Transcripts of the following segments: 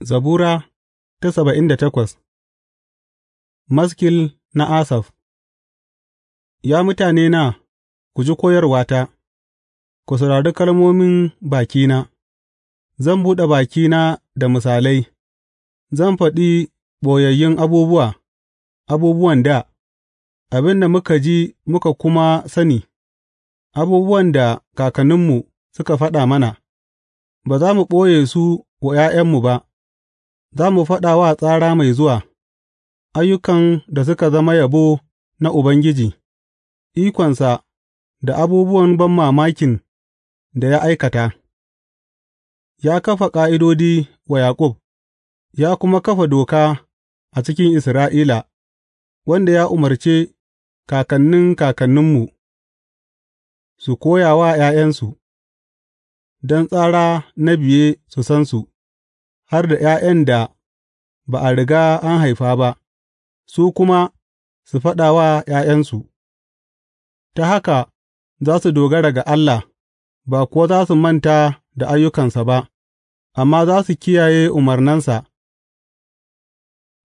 Zabura ta saba'in da takwas Maskil na Asaf Ya mutane na. ku ji koyarwata, ku saurari kalmomin bakina, zan buɗe bakina da misalai, zan faɗi ɓoyayyun abubuwa, abubuwan da, abin da muka ji muka kuma sani, abubuwan da kakanninmu suka faɗa mana, ba za mu ɓoye su wa ’ya'yanmu ba. Za mu faɗa wa tsara mai zuwa ayyukan da suka zama yabo na Ubangiji, ikonsa da abubuwan ban mamakin da ya aikata; ya kafa ƙa'idodi wa Yaƙub ya kuma kafa doka a cikin Isra'ila, wanda ya umarce kakannin kakanninmu su koya wa ’ya'yansu, don tsara na biye su san su. har da ’ya'yan da ba a riga an haifa ba, su kuma su faɗa wa ’ya'yansu, ta haka za su dogara ga Allah, ba kuwa za su manta da ayyukansa ba, amma za su kiyaye umarnansa,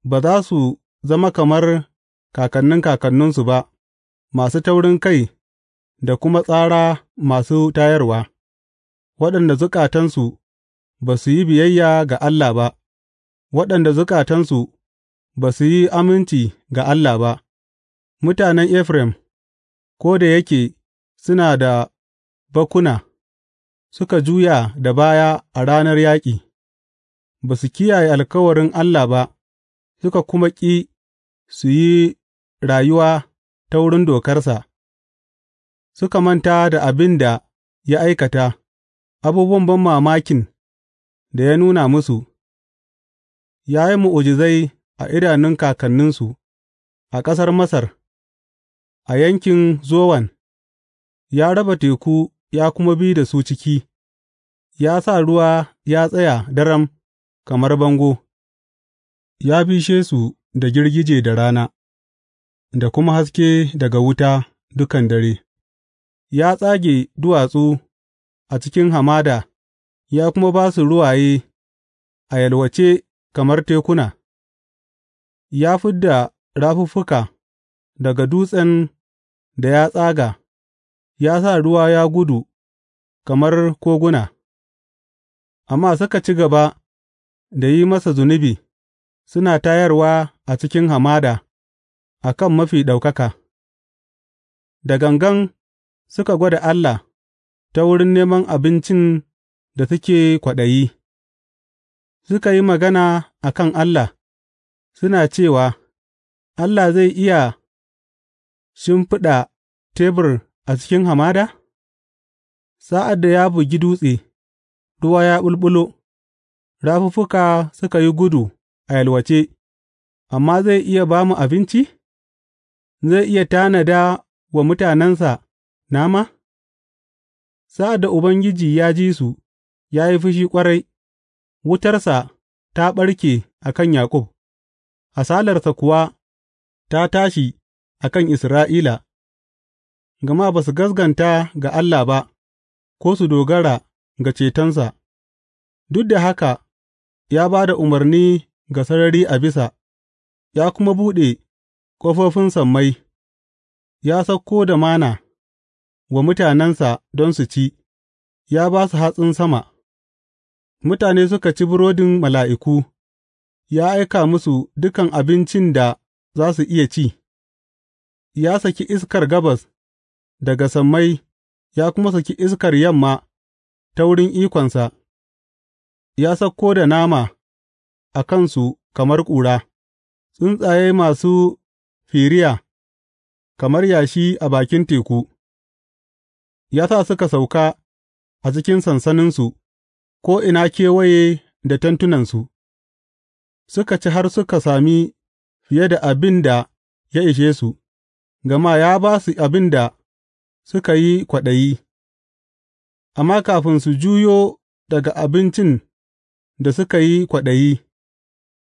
ba za su zama kamar kakannin kakanninsu ba, masu taurin kai da kuma tsara masu tayarwa, waɗanda zukatansu ba su yi biyayya ga Allah ba, waɗanda zukatansu ba su yi aminci ga Allah ba, mutanen Efraim, ko da yake suna da bakuna, suka juya da baya a ranar yaƙi, ba su kiyaye alkawarin Allah ba, suka kuma ƙi su yi rayuwa ta wurin dokarsa, suka manta da abin da ya aikata, abubuwan ban mamakin da ya nuna musu, ya yi mu'ujizai a idanun kakanninsu a ƙasar Masar, a yankin Zowan, ya raba teku ya kuma bi da su ciki, ya sa ruwa ya tsaya daram kamar bango, ya bishe su da girgije da rana, da kuma haske daga wuta dukan dare, ya tsage duwatsu a cikin hamada. ya kuma ba su ruwaye a yalwace kamar tekuna, ya fid da rafuffuka daga dutsen da ya tsaga, ya sa ruwa ya gudu kamar koguna, amma suka ci gaba da yi masa zunubi, suna tayarwa a cikin hamada a kan mafi ɗaukaka, da gangan suka gwada Allah ta wurin neman abincin da suke kwaɗayi, suka yi magana a kan Allah, suna cewa, Allah zai iya shimfiɗa tebur a cikin hamada? Sa'ad da ya bugi dutse, ruwa ya ɓulɓulo, rafuffuka suka yi gudu a yalwace, amma zai iya ba mu abinci? Zai iya tanada wa mutanensa nama? Sa'ad da Ubangiji ya ji su, ya yi fushi ƙwarai, wutarsa ta ɓarke a kan Yaƙub, hasalarsa kuwa ta tashi a kan Isra'ila, gama ba su gaskata ga Allah ba, ko su dogara ga cetonsa, duk da haka ya ba da umarni ga sarari a bisa, ya kuma buɗe ƙofofin sammai, ya sauko da mana wa mutanensa don su ci, ya ba su hatsin sama. Mutane suka ci burodin mala'iku, ya aika musu dukan abincin da za su iya ci, ya saki iskar gabas daga sammai ya kuma saki iskar yamma ta wurin ikonsa, ya sauko da nama a kansu kamar ƙura, tsuntsaye masu firiya kamar yashi a bakin teku, ya sa suka sauka a cikin sansaninsu. ko'ina kewaye da tentunansu, suka ci har suka sami fiye da abin da ya ishe su, gama ya ba su abin da suka yi kwaɗayi, amma kafin su juyo daga abincin da suka yi kwaɗayi,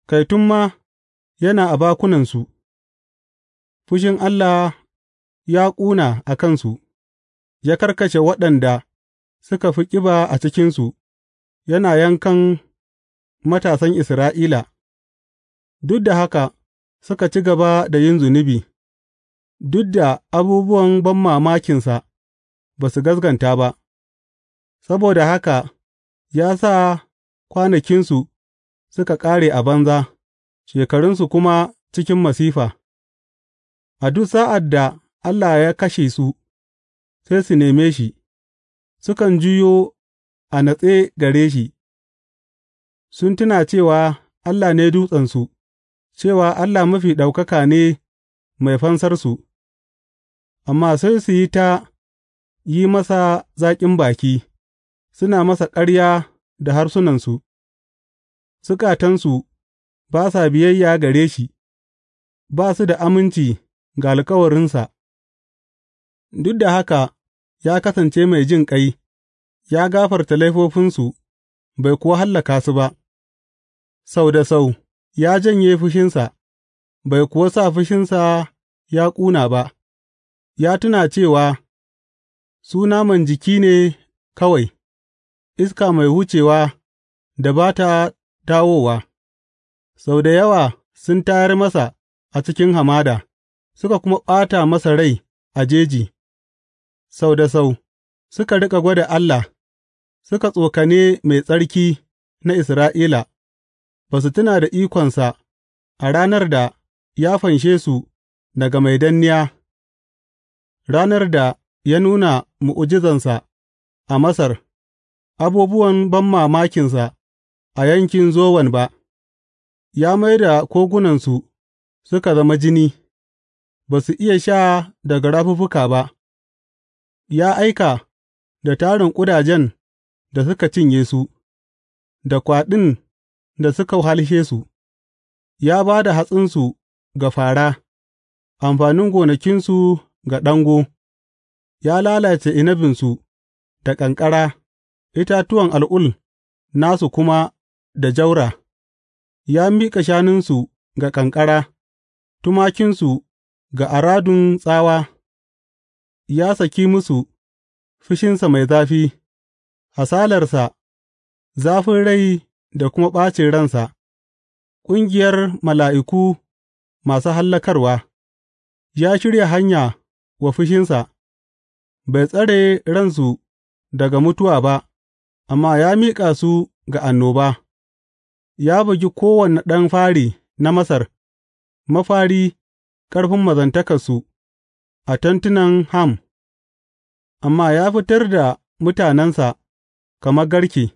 kaitun ma yana a bakunansu, fushin Allah ya ƙuna a kansu, ya karkashe waɗanda suka fi ƙiba a cikinsu. yana yankan matasan Isra'ila, duk da haka suka ci gaba da yin zunubi, duk da abubuwan banmamakinsa ba su gaskanta ba, saboda haka ya sa kwanakinsu suka ƙare a banza, shekarunsu kuma cikin masifa, a duk sa'ad da Allah ya kashe su, sai su neme shi, sukan juyo a natse gare shi, sun tuna cewa Allah ne Dutsensu, cewa Allah Mafi Ɗaukaka ne Mai Fansarsu, amma sai su yi ta yi masa zaƙin baki, suna masa ƙarya da harsunansu, zukatansu ba sa biyayya gare shi, ba su da aminci ga alkawarinsa, duk da haka ya kasance mai jin ƙai. ya gafarta laifofinsu bai kuwa hallaka su ba, sau da sau ya janye fushinsa, bai kuwa sa fushinsa ya ƙuna ba, ya tuna cewa su naman jiki ne kawai, iska mai hucewa da ba ta dawowa, sau da yawa sun tayar masa a cikin hamada, suka kuma ɓata masa rai a jeji, sau da sau suka riƙa gwada Allah, suka tsokane Mai Tsarki na Isra'ila, ba su tuna da ikonsa a ranar da ya fanshe su daga mai danniya, ranar da ya nuna mu'ujizansa a Masar, abubuwan banmamakinsa a yankin Zowan ba, ya mai da kogunansu suka zama jini, ba su iya sha daga rafuffuka ba, ya aika da tarin ƙudajen da suka cinye su, da kwaɗin da suka halshe su, ya ba da hatsinsu ga fara. amfanin gonakinsu ga ɗango, ya lalace inabinsu da ƙanƙara, itatuwan al'ul nasu kuma da jaura, ya miƙa shanunsu ga ƙanƙara, tumakinsu ga aradun tsawa, ya saki musu fushinsa mai zafi, hasalarsa, zafin rai da kuma ɓacin ransa, ƙungiyar mala'iku masu hallakarwa, ya shirya hanya wa fushinsa, bai tsare ransu daga mutuwa ba, amma ya miƙa su ga annoba, ya bugi kowane ɗan fari na Masar, mafari ƙarfin mazantakarsu a tentunan Ham. Amma ya fitar da mutanensa kamar garke;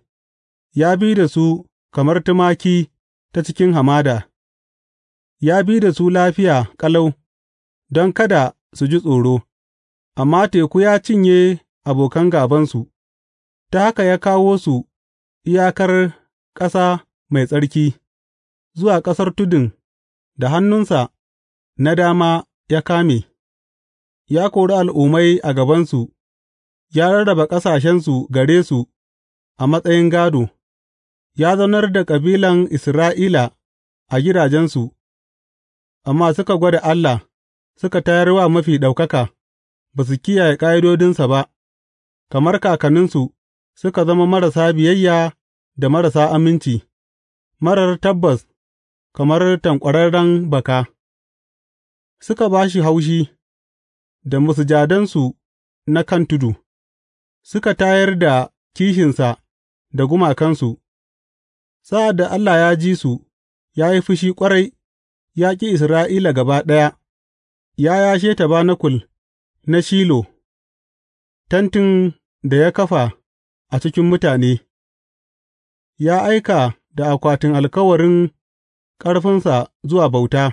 ya bi da su kamar tumaki ta cikin hamada, ya bi da su lafiya ƙalau don kada su ji tsoro, amma teku ya cinye abokan gābansu, ta haka ya kawo su iyakar ƙasa mai tsarki, zuwa ƙasar tudun da hannunsa na dama ya kame; ya kori al'ummai a gabansu. Ya rarraba ƙasashensu gare su a matsayin gādo, ya zaunar da kabilan Isra'ila a gidajensu, amma suka gwada Allah suka tayar wa Mafi Ɗaukaka, ba su kiyaye ƙa'idodinsa ba, kamar kakanninsu suka zama marasa biyayya da marasa aminci, marar tabbas kamar tanƙwararren baka, suka ba shi haushi da musujadansu na kan tudu. suka tayar da kishinsa da gumakansu, sa'ad da Allah ya ji su, ya yi fushi ƙwarai, ya ƙi Isra'ila gaba ɗaya, ya yashe tabanakul na Shilo, tentin da ya kafa a cikin mutane, ya aika da akwatin alkawarin ƙarfinsa zuwa bauta,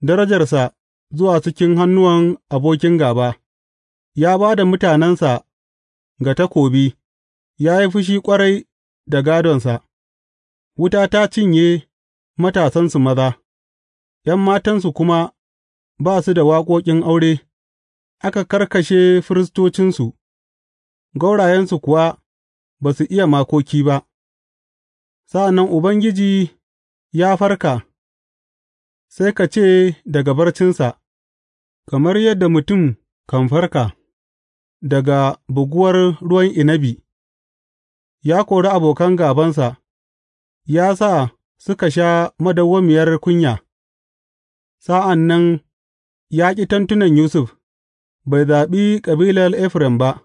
darajarsa zuwa cikin hannuwan abokin gaba. ya ba da mutanensa ga takobi, ya yi fushi ƙwarai da gādonsa, wuta ta cinye matasansu maza, ’yan matansu kuma ba su da waƙoƙin aure, aka karkashe firistocinsu, Gaurayensu kuwa ba su iya makoki ba. Sa'an nan Ubangiji ya farka, sai ka ce daga barcinsa, kamar yadda mutum kan farka. daga buguwar ruwan inabi, ya kori abokan gābansa, ya sa suka sha madawwamiyar kunya, sa'an nan ya ƙi tentunan Yusuf, bai zaɓi kabilar Efraim ba,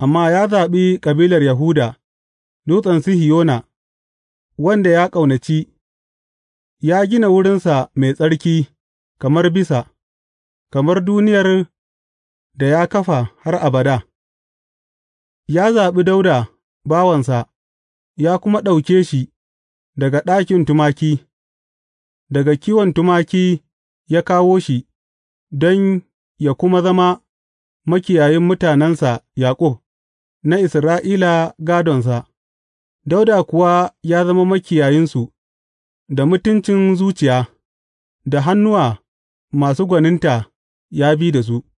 amma ya zaɓi kabilar Yahuda, dutsen Sihiyona, wanda ya ƙaunaci, ya gina wurinsa mai tsarki kamar bisa, kamar duniyar da ya kafa har abada, ya zaɓi Dauda bawansa ya kuma ɗauke shi daga ɗakin tumaki, daga kiwon tumaki ya kawo shi don ya kuma zama makiyayin mutanensa Yaƙub, na Isra'ila gādonsa, Dauda kuwa ya zama makiyayinsu da mutuncin zuciya, da hannuwa masu gwaninta ya bi da su.